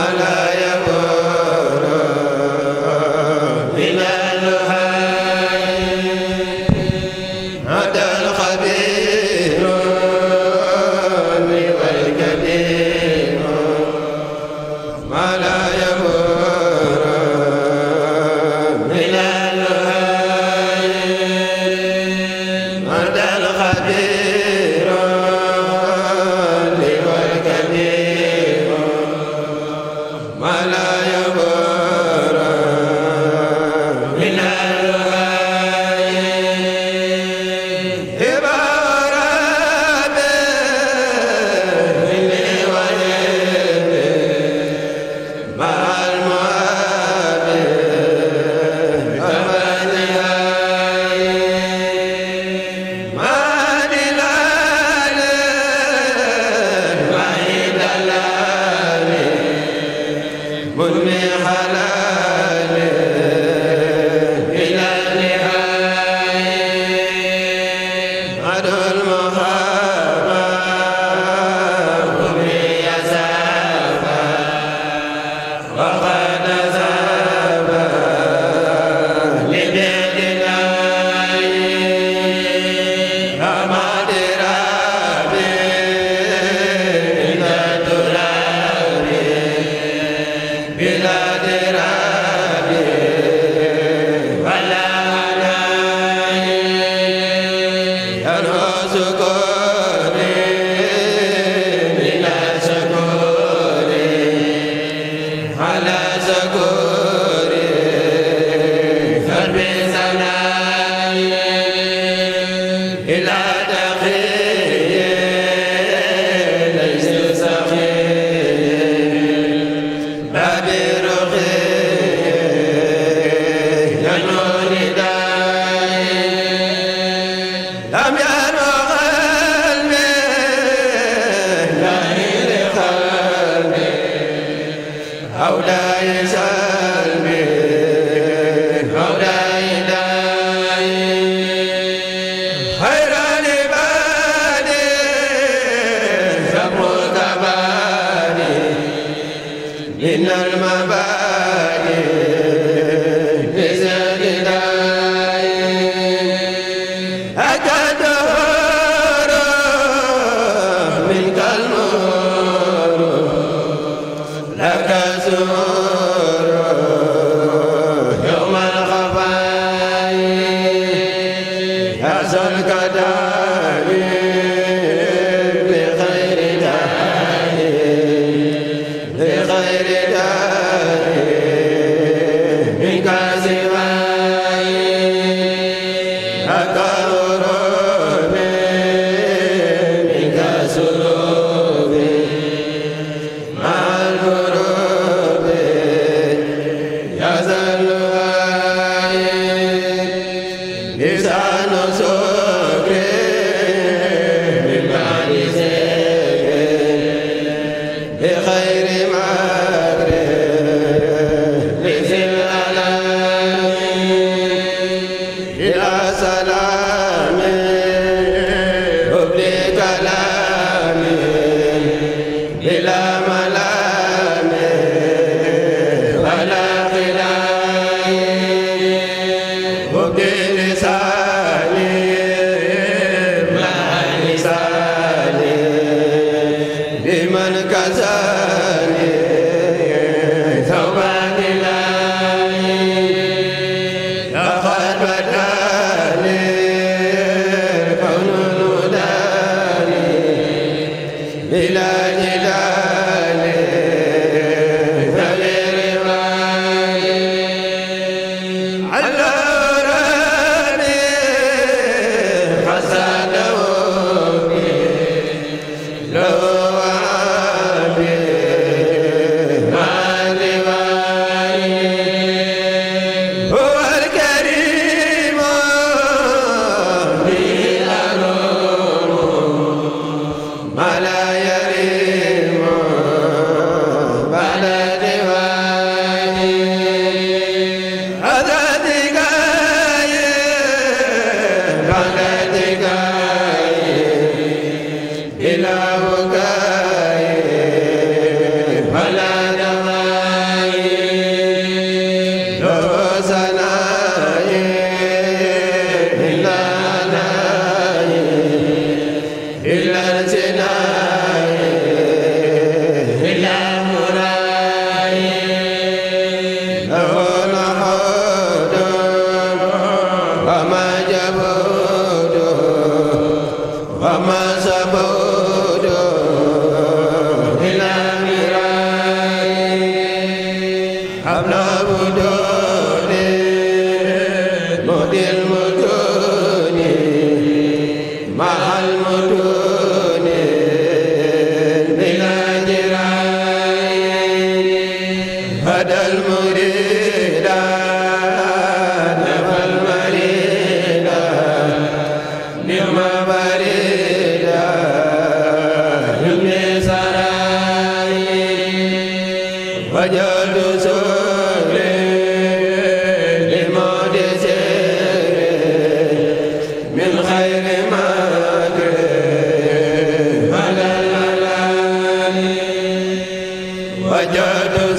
ala المحب sa zalika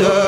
yaa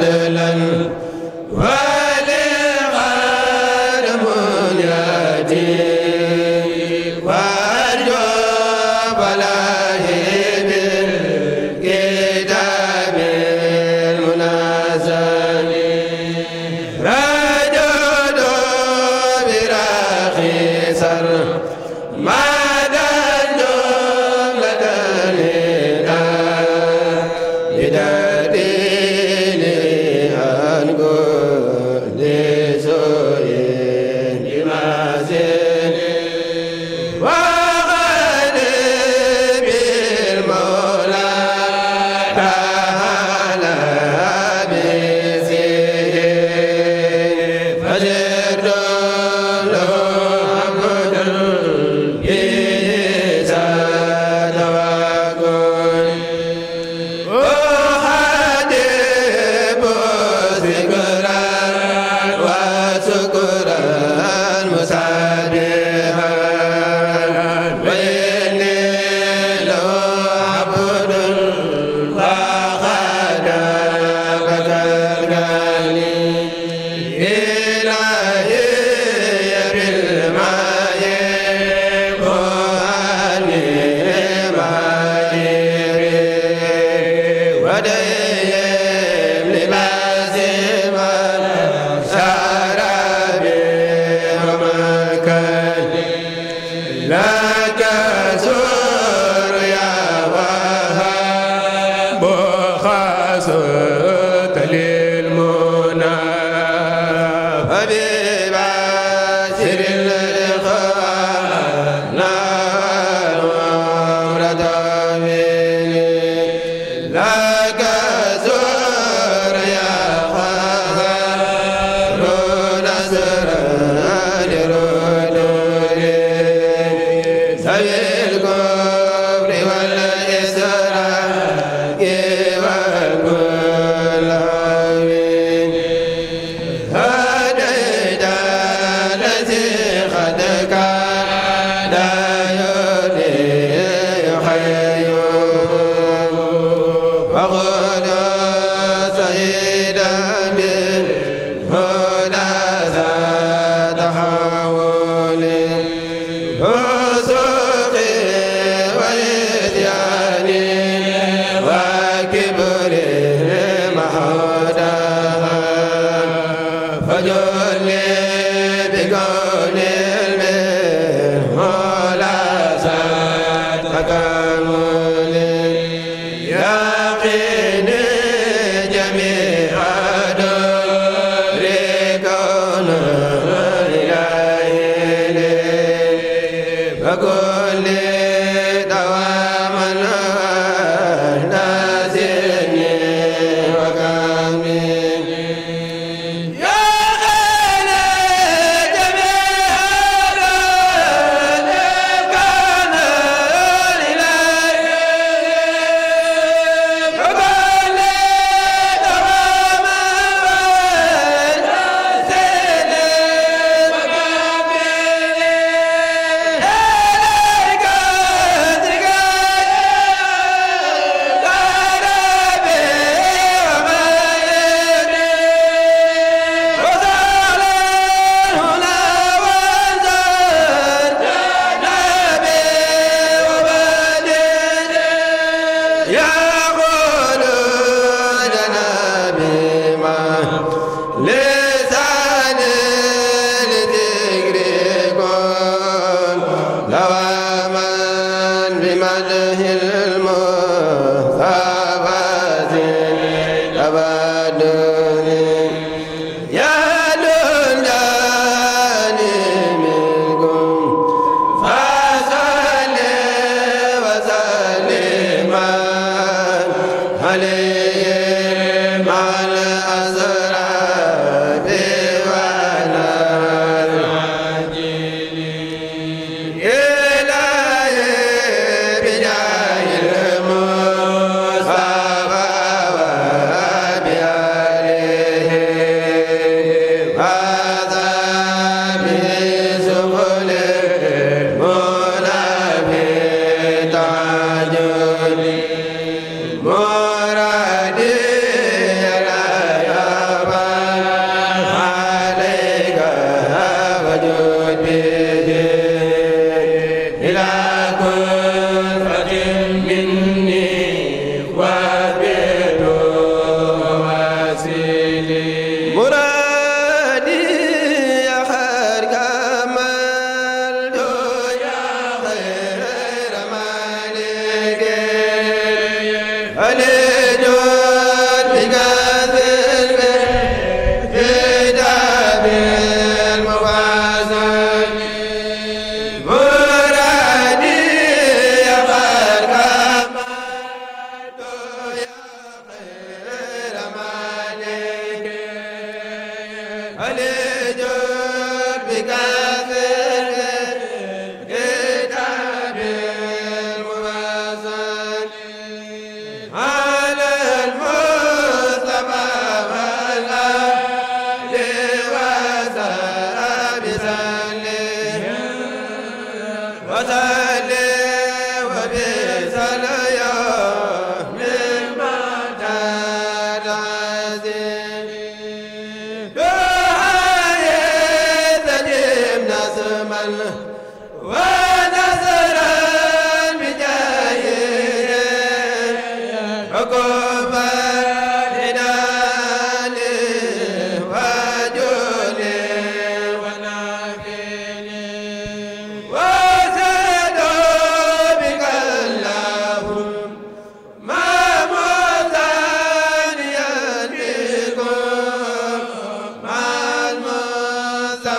de la sa le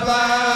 ba